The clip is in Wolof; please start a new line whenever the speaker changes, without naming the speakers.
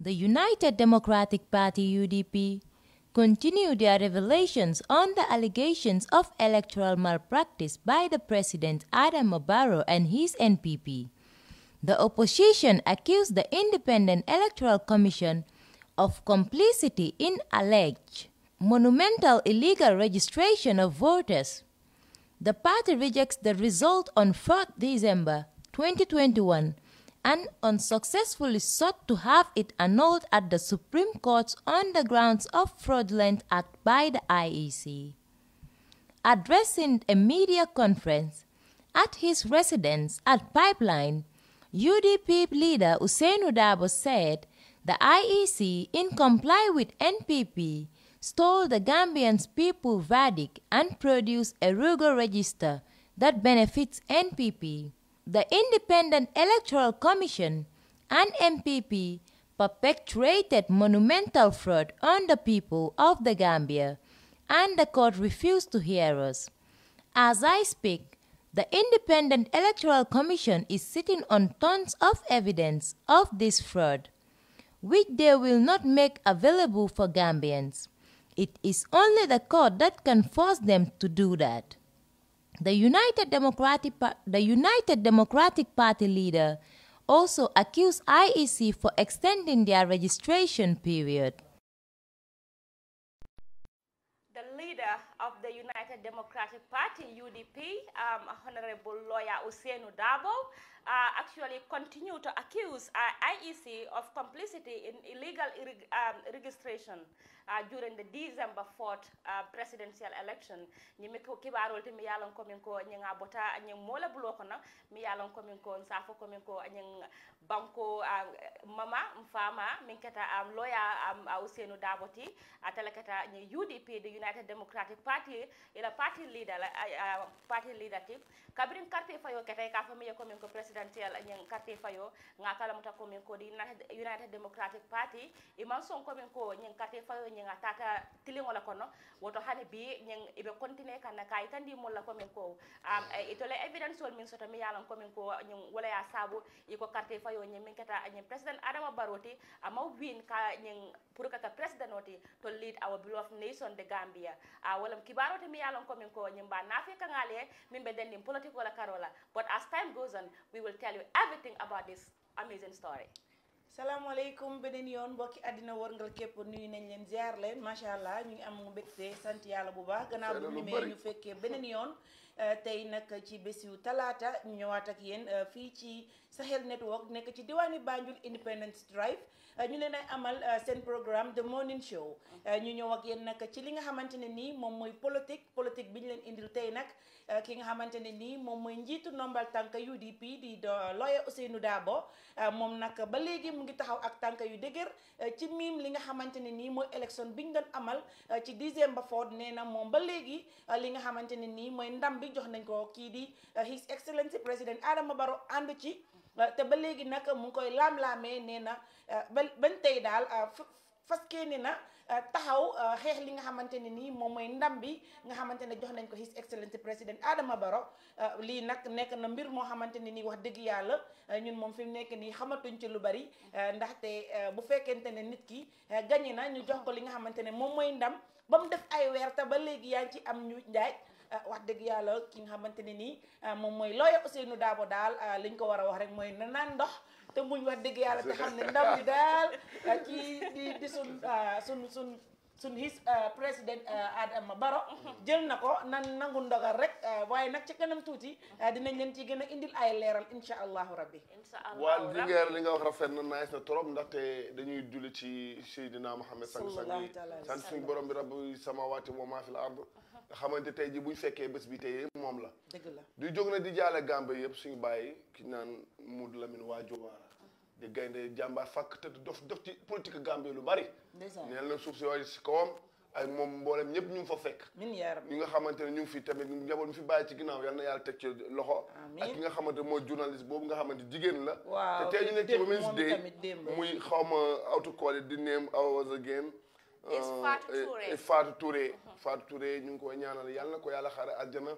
the United Democratic Party UDP continue their revelations on the allegations of electoral malpractice by the President Adam Barrow and his NPP. The opposition accused the Independent Electoral Commission of complicity in alleged monumental illegal registration of voters. The party rejects the result on 4 December 2021 and unsuccessfully sought to have it annulled at the Supreme Court on the grounds of fraudulent act by the IEC. Addressing a media conference at his residence at Pipeline, UDP leader Hussein Udabo said the IEC, in comply with NPP, stole the Gambian's people verdict and produced a Rugo register that benefits NPP the Independent Electoral Commission and MPP perpetrated monumental fraud on the people of the Gambia, and the court refused to hear us. As I speak, the Independent Electoral Commission is sitting on tons of evidence of this fraud, which they will not make available for Gambians. It is only the court that can force them to do that. The United Democratic, the United Democratic Party leader also accused IEC for extending their registration period.
The leader of the United Democratic Party, UDP, um, Honorable Lawyer Usainu Dabo, uh, actually continue to accuse uh, IEC of complicity in illegal um, registration uh, during the December 4th uh, presidential election. Nyimi ko miyalon ko min bota nying mola na miyalon ko nsafo ko min ko banko uh, mama mfama minketa kata um, lawyer um, uh, Usenu Daboti atala kata UDP the United Democratic Party ila party leader party leader tip kabrin karte fayo kata ka famiya ko ko president presidenti eh, ala nyin fayo nga kala ko min ko di united democratic party iman son ko min ko nyin karte fayo nyin tilingo la kono woto hani bi nyin ibe continue kana kay tandi mo la ko min ko am eh, evidence wol min soto mi yalan ko min ko wala ya sabu iko karte fayo nyin min kata nyin president adama baroti ama win ka nyin pour ka ka president oti to lead our beloved nation the gambia a ah, wala kibaro te mi yalan ko min ko nyin ba nafi min be dendi politiko karola but as time goes on we will will tell you everything about this amazing
salaamaaleykum beneen yoon mbokki àddina wërngal képp nuyu nañ leen jaar leen macha allah ñu ngi am mbégte sant yàlla bu baax gannaaw bu ñu ñu fekkee beneen yoon. Eh, tey nag ci bés yu talaata ñu ñëwaat ak yéen eh, fii ci Sahel Network nekk ci diwaani Banjul Independence Drive eh, ñu leen ay amal seen programme The Morning Show ñu ñëw ak yéen nag ci li nga xamante ne nii moom mooy politique politique bi ñu leen indil tey nag ki nga xamante ne nii moom mooy njiitu nombal tànk UDP di lawyer Oussainou Darboe moom nag ba léegi mu ngi taxaw ak tànk yu dëgër ci miim li nga xamante ne nii mooy élection bi ñu doon amal ci December fourth nee na moom ba léegi li nga xamante ne nii mooy ndam bi bi jox nañ ko kii di euh, his excellence président Adama Barrow ànd ci euh, te ba léegi nag mu ngi koy laam-laamee nee na euh, ba bañ tey daal faskee ni na taxaw xeex li nga xamante ne nii moom mooy ndam bi nga xamante ne jox nañ ko his excellence président Adama baro lii nag nekk na mbir moo xamante ne nii wax dëgg yàlla ñun moom fi nekk nii xamatuñ ci lu bari ndaxte bu fekkente ne nit ki gañe na ñu jox ko li nga xamante ne moom mooy ndam ba mu def ay weer te ba léegi yaa ci am ñu njaaj Eh, wax dëgg yàlla ki nga xamante ne nii eh, moom mooy looya Ousseynou Dabo daal eh, liñ ko war a wax rek mooy na naan ndox te muñ wax dëgg yàlla te xam ne ndam bi daal kii di di sun sun sun suñ his président Baro jël na ko nan nangu ndogal rek waaye nag ci kanam tuuti dinañ leen ci gën a indil ay leeral incha allahu rabbi incha allahu waaw li nga wax
rafet na naagis na trop ndaxte dañuy julli ci Seydina Muhammad sang sang yi sant suñu borom bi rabbi samawati wa maa fil ard nga xamante tey ji bu ñu fekkee bés bi tey moom la. dëgg la du jóg na di jaale gàmbe yëpp suñu bàyyi ki naan mu Modou Lamine waa Jowaara di gaynde jàmbaar fakk te dof dof ci politique gàmbe lu bari. neen na suuf si waa si kawam ak moom mboolem ñëpp ñu ngi fa fekk. ñi nga xamante ne ñu ngi fi tamit njaboot mi fi bàyyi ci ginnaaw yal na yàlla teg ci loxo. ak ki nga xamante mooy journaliste boobu nga xamante jigéen la. waaw te tey ñu nekk ci Women's Day muy xaw ma autocollant di neem aw again Euh, Fatou eh, Touré eh, Fatou Touré Fatou Touré ñu ngi koy ñaanal yàlla na ko yàlla xaare àjjana